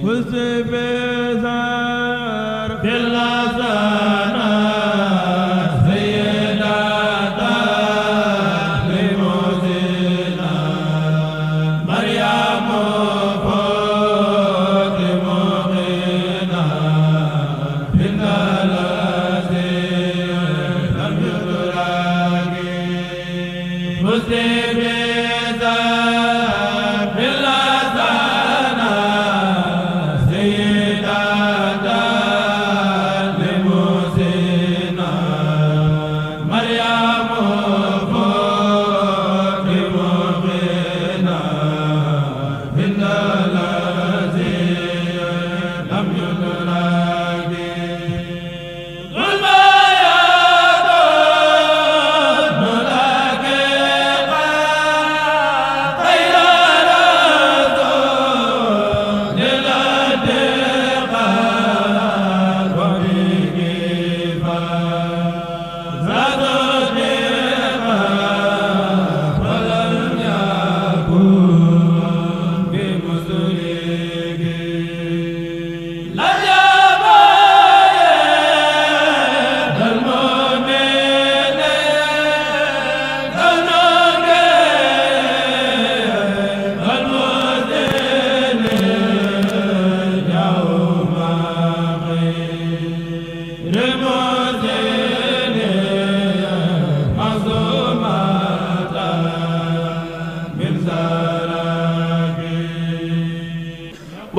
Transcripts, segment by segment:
Musa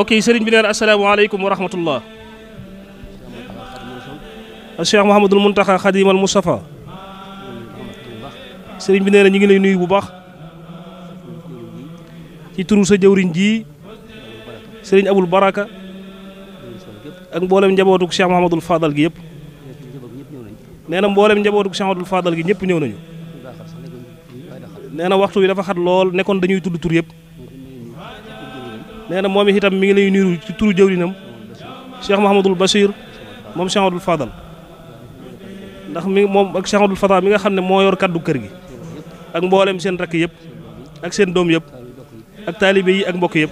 mbokk yi sëriñ bi neen asalaamaaleykum wa rahmatullah cheikh mahamadul muntaxa xadimal mustafa sëriñ bi nee na ñu ngi lay nuyu bu baax ci turu sa jëwriñ ji sëriñ abul baraka ak mboolem njabootuk cheikh mahamadul fadal gi yëpp nee na mboolem njabootuk cheikh mahamadul fadal gi ñëpp ñëw nañu nee waxtu wi dafa xat lool nekkoon dañuy tudd tur yëpp nee na moom itam mi ngi lay nuyu ci turu jëwriñam Cheikh Mouhamadul Bachir moom Cheikh Mouhamadul Fadal ndax mi moom ak Cheikh Mouhamadul Fadal mi nga xam ne moo yor kaddu kër gi ak mboolem seen rakk yépp ak seen doom yëpp ak taalibe yi ak mbokk yépp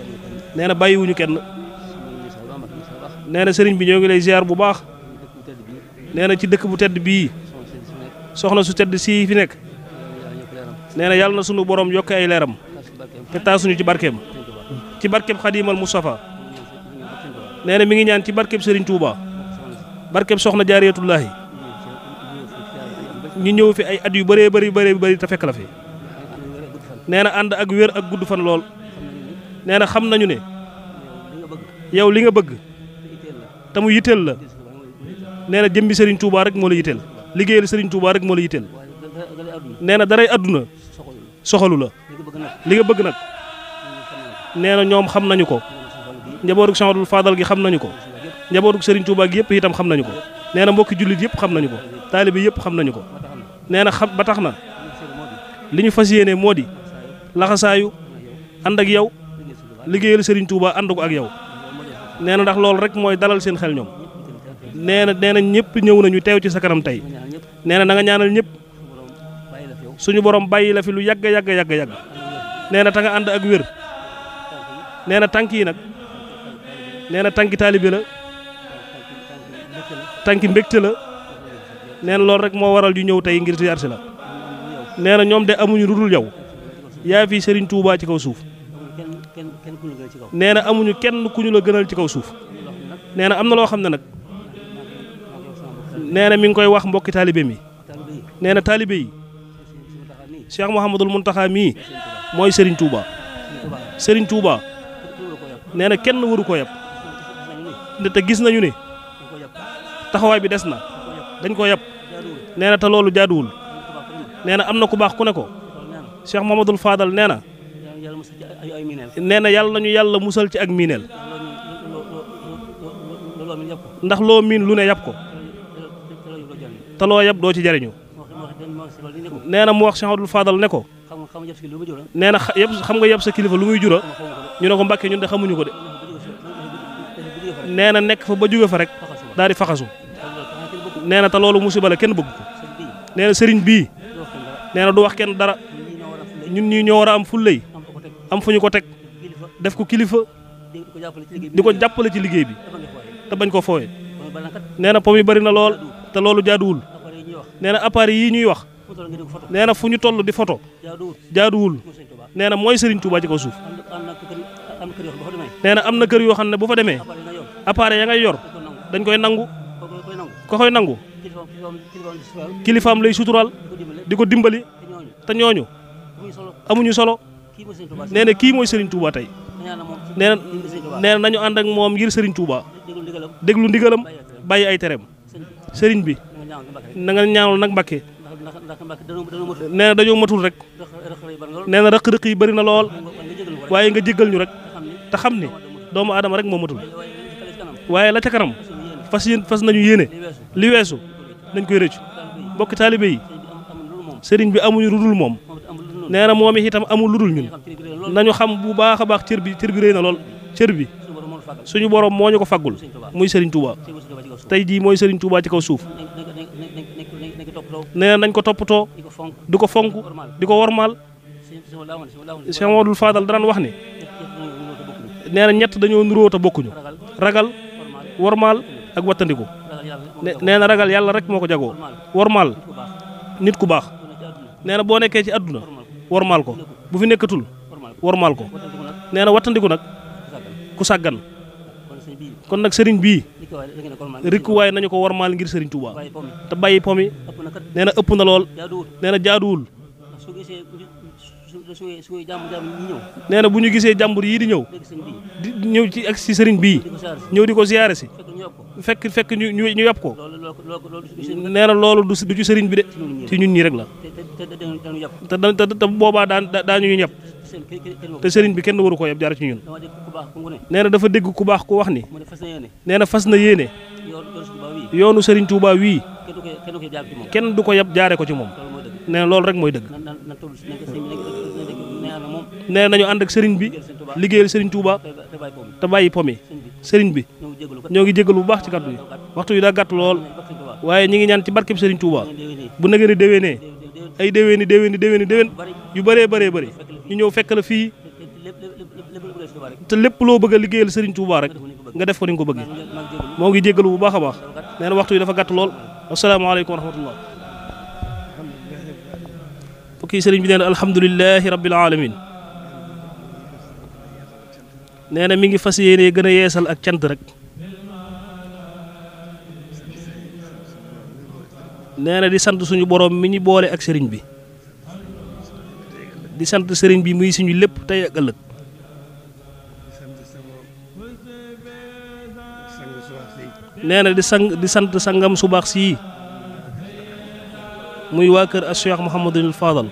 nee na bàyyiwuñu kenn nee sëriñ bi ñoo ngi lay ziar bu baax nee ci dëkk bu tedd bii soxna su tedd sii fi nekk nee na yàlla na sunu boroom yokk ay leeram te taasuñu ci barkeem. ci barkeb xadimal Mustafa nee na mi ngi ñaan ci barkeb sëriñ Touba barkeb Soxna Jaariyatullaahi ñu ñëw fi ay at yu bëree bëri bëri bëri te fekk la fi nee na ànd ak wér ak gudd fan lool nee na xam nañu ne yow li nga bëgg te mu yitteel la nee na jëmbi sëriñ Touba rek moo la yitteel liggéeyal Serigne Touba rek moo la yitteel nee daray àdduna soxalu la li nga bëgg nag. nee na ñoom xam nañu ko njabootu Cheikh faadal gi xam nañu ko njabootu sëriñ Touba gi yëpp itam xam nañu ko nee mbokki jullit yëpp xam nañu ko taalibe yëpp xam nañu ko nee na xam ba tax na li ñu fas yéene moo di laxasaayu ànd ak yow liggéeyal sëriñ Touba ànd ko ak yow nee na ndax loolu rek mooy dalal seen xel ñoom nee na nee na ñëpp ñëw nañu teew ci sa kanam tey nee na na nga ñaanal ñëpp suñu borom bàyyi la fi lu yàgg yàgg yàgg yàgg nee nee na tànk yi nag nee na tànki taalibe la tànki mbégte la nee loolu rek moo waral yu ñëw tey ngir ziar si la nee na ñoom de amuñu lu dul yow yaa fi sëriñ tuubaa ci kaw suuf nee na amuñu kenn ku ñu la gënal ci kaw suuf nee na am na loo xam ne nag nee na mi ngi koy wax mbokki taalibe mi nee na taalibe yi Cheikh Mouhamadul Mountakha mii mooy sëriñ Touba sëriñ Touba. neena kenn waru ko yeb ne te gis nañu ne taxaway bi des na dañ ko yeb neena ta te jaadul neena amna ku bax ku ne ko Cheikh Mamadou Fadal neena neena yàlla nañu yàlla musal ci ak minel ndax lo min lu ne yab ko ta lo yab do ci jariñu neena mu wax Cheikh Mamadou Fadal ne ko nee na xam nga yab sa kilifa lu muy jura ñu ne ko Mbàkke ñun de xamuñu ko de nee nek fa ba jóge fa rek daal faxasu nee ta lolu musiba la kenn bëgg ko nee sëriñ bii du wax kenn dara ñun ñi ñoo wara a am fullay am fuñu ko tek def ko kilifa diko ko ci liggéey bi ta bañ ko bari na lool ta lolu appare yi ñuy wax fuñu tollu di photo moy sëriñ ci ko suuf Nenek amna am kër ne bu fa demee appare ya ngay yor dañ koy nangu ko koy nangu kilifam lay sutural diko dimbali ta ñooñu amuñu solo Nenek ki moy Serigne Touba tay nee na nañu and ak mom ngir Serigne Touba deglu ndigalam baye ay terem Serigne bi na nga ñaanul nak Mbàkke nee dañu matul rek nee rek rek yi bari na lol waaye nga jéggal ñu rek te xam ni doomu aadama rek moo matul waaye la ca kanam fas fas nañu yéene li weesu nañ koy rëccu bokki taalibe yi sëriñ bi amuñu ludul moom nee na moom itam amul ludul ñun nañu xam bu baax a baax cër bi cër bi rëy na lool cër bi suñu borom moo ñu ko faggul muy sëriñ Touba tey jii mooy sëriñ Touba ci kaw suuf nee na nañ ko toppatoo di ko fonk di ko wormaal Cheikh Mamadou Fadal daan wax ni nee na ñett dañoo nuróo te bokkuñu ragal wormaal ak wattandiku ne na ragal yàlla rek moo ko jagoo wormaal nit ku baax nee boo nekkee ci àdduna wormaal ko bu fi nekkatul wormaal ko nee na wattandiku nag ku sàggan kon nag sëriñ bii rikkuwaay nañu ko wormaal ngir sëriñ Touba te bàyyi pomi nee ëpp na lool jaaduwul nee na bu ñu gisee jàmbur yii di ñëw di ñëw ci ak si sëriñ bii ñëw di ko ziyaare si fekk fekk ñu ñu ñu yàpp ko nee na loolu du du ci sëriñ bi de ci ñun ñi rek la te te te boobaa daan daañu ñu ñàpp te sëriñ bi kenn waru ko yàpp jaar ci ñun nee dafa dégg ku baax ku wax ni nee na fas na yéene yoonu sëriñ Touba wii kenn du ko yàpp jaare ko ci moom nee loolu rek mooy dëgg. nee nañu and ak serigne bi liggéeyal serigne Touba te bayyi pomi serigne bi ñoo ngi jégalu bu baax ci kàddu yi waxtu yi da gatt lool waye ñi ngi ñaan ci barkeb serigne Touba bu nagari déwénee ay déwéni déwéni déwéni déwén yu bëree bëree bëri ñu ñëw fekk la fi te lepp lo bëgg liggéeyal serigne Touba rek nga def ko ni nga bëgg mo ngi jéggal bu baaxa baax né na waxtu yi dafa gatt lool asalaamaaleykum wa rahmatullah mbokk yi sëriñ bi nee alamin nee na mi ngi fas yéene gën a yeesal ak cant rek nee di sant suñu boroom mi ñu boole ak sëriñ bi di sant sëriñ bi muy suñu lépp tey ak ëllëg nee di sant sangam subaax sii muy waa kër ak Cheikh Mouhamadul Fadal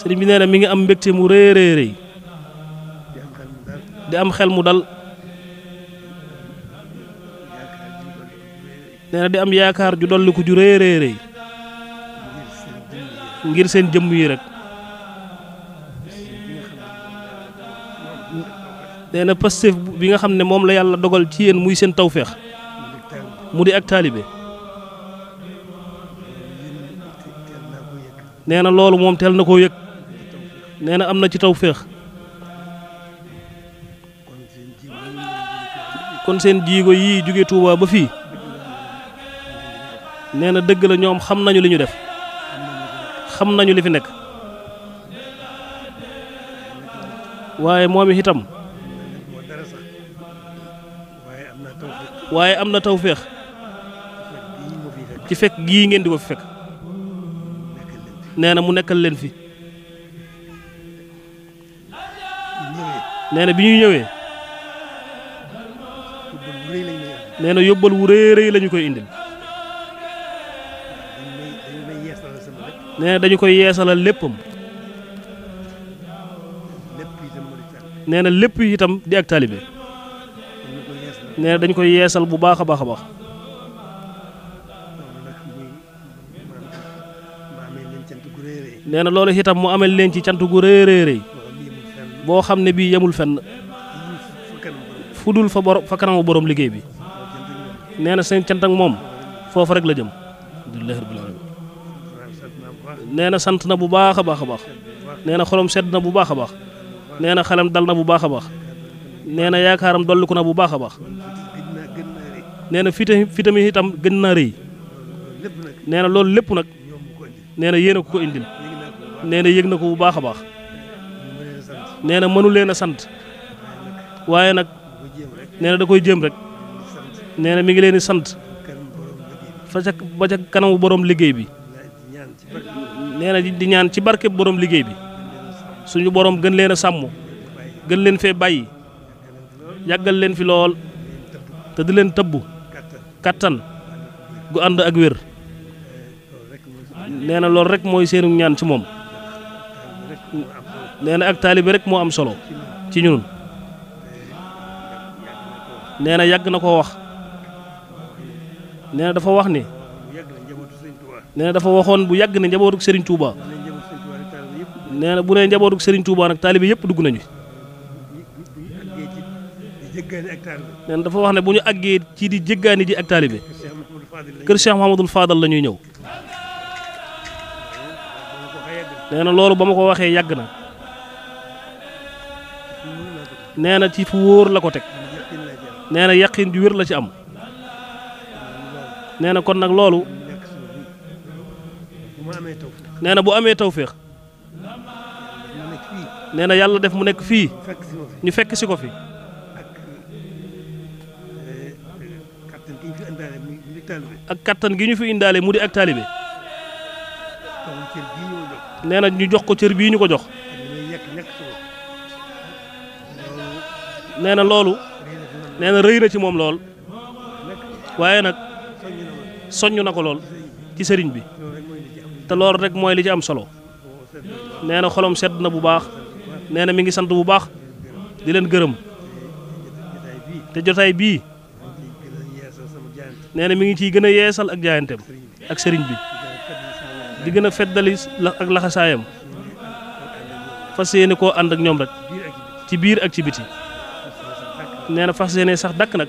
sëriñ bi nee na mi ngi am mbégte mu rëy rëy rëy di am xel mu dal nee di am yaakaar ju dolli ko ju rëy rëy ngir seen jëmm yi rek nee na Pastef bi nga xam ne moom la yàlla dogal ci yéen muy seen tawféex mu di ak taalibe nee na loolu moom teel na koo yëg nee am na ci taw féex kon seen jiigo yii jóge Touba ba fii nee na dëgg la ñoom xam nañu li ñu def xam nañu li fi nekk waaye moom itam waaye am na taw féex ci fekk gii ngeen di ko fi fekk nee na mu nekkal leen fi nee bi ñuy ñëwee nee na yóbbal wu rëy rëy lañu koy indil nee na dañu koy yeesalal léppam neena lépp lépp itam di ak taalibe nee dañu koy yeesal bu baax a baax a baax nee na loolu itam mu amel leen ci cant gu rëy boo xam ne bii yemul fenn fu dul fa borom fa kanamu borom liggéey bi nee na seen cant ak moom foofu rek la jëm alhamdulilah rabbil alamin nee na sant na bu baax a baax a xolam sedd na bu baax baax nee na dal na bu baax baax nee na yaakaaram dolliku na bu baax baax nee na fita itam gën naa rëy nee na lépp nag nee na ko ko indil nee na ko bu baax baax nee na mënu leen a sant waaye nag nee da koy jëm rek nee na mi ngi leen di sant fa ca kanamu borom liggéey bi nee di ñaan ci barke borom liggéey bi suñu borom gën leen a sàmm gën leen fee bàyyi yàggal leen fi lool te di leen tëbb kattan gu ànd ak wér nee na loolu rek mooy seenu ñaan ci moom. nee na ak taalibe rek moo am solo ci ñun nee na yàgg na koo wax nee dafa wax ni nee dafa waxoon bu yàgg ne njabootuk Serigne Touba na bu nee njabootuk Serigne Touba nag taalibe yëpp dugg nañu. nee na dafa wax ne bu ñu àggee ci di jéggaani ji ak taalibe kër Cheikh Mouhamadul Fadal la ñuy ñëw nee na loolu ba ma ko waxee yàgg na. nee ci fu wóor la ko tek nee yaqin ju wér la ci am nee kon nak lolu bu amé tawfiq nee yalla def mu nek nifek ñu fekk si ko fi ak katan gi ñu fi indalé mu di ak talibé nee ñu jox ko cër bi ñu ko jox nee na loolu nee na rëy na ci moom lool waaye nag soññ na ko lool ci sëriñ bi te loolu rek mooy li ci am solo nee na xolom sedd na bu baax nee na mi ngi sant bu baax di leen gërëm te jotaay bii nee na mi ngi ciy gën a yeesal ak jaayanteem ak sëriñ bi di gën a feddali ak laxasaayam fas yéene koo ànd ak ñoom rek ci biir ak ci biti nee na fas yéene sax dakk nag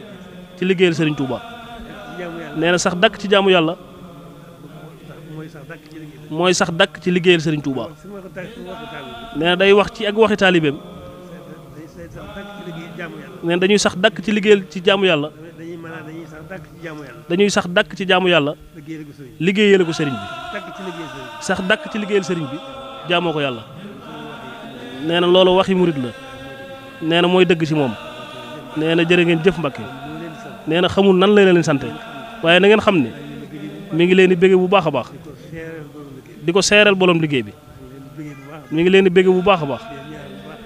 ci liggéeyal Serigne Touba nee na sax dakk ci jaamu yàlla mooy sax dakk ci liggéeyal Serigne Touba nee na day wax ci ak waxi taalibeem nee dañuy sax dakk ci liggéeyal ci jaamu yàlla dañuy sax dakk ci jaamu yàlla liggéeyale ko sëriñ bi sax dakk ci liggéeyal Serigne bi jaamoo ko yàlla nee na loolu waxi murit la nee na mooy dëgg ci moom. nee na jërë ngeen jëf Mbacke nee na xamul nan la leen sante waaye nangeen xam ne mi ngi leen di bëgg bu baax a baax di ko seeral boroom liggéey bi mi ngi leen di bëgg bu baax a baax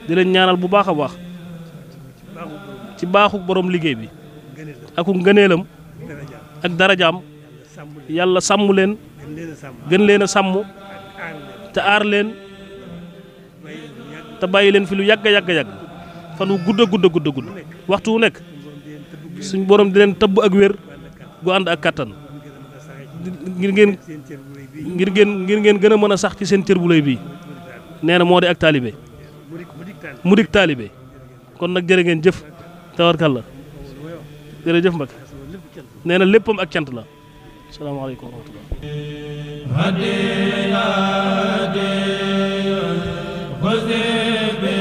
di leen ñaanal bu baax a baax ci baaxu boroom liggéey bi ak ngëneelam ak darajaam yàlla sàmm leen gën leen a sàmm te aar leen te bàyyi leen fi lu yàgg a yàgg fanu wu gudd gudd gudd waxtu wu nekk suñ borom di len tëbb ak wer gu and ak katan ngir ngeen ngir ngeen ngir ngeen gëna mëna sax ci sen cër bu lay bii nee na ak talibé mudik talibé kon nak jere ngeen jëf tawarkal la jërëjëf mbag nee na léppam ak cant la assalamu salaamaaleykum wa rahmatullah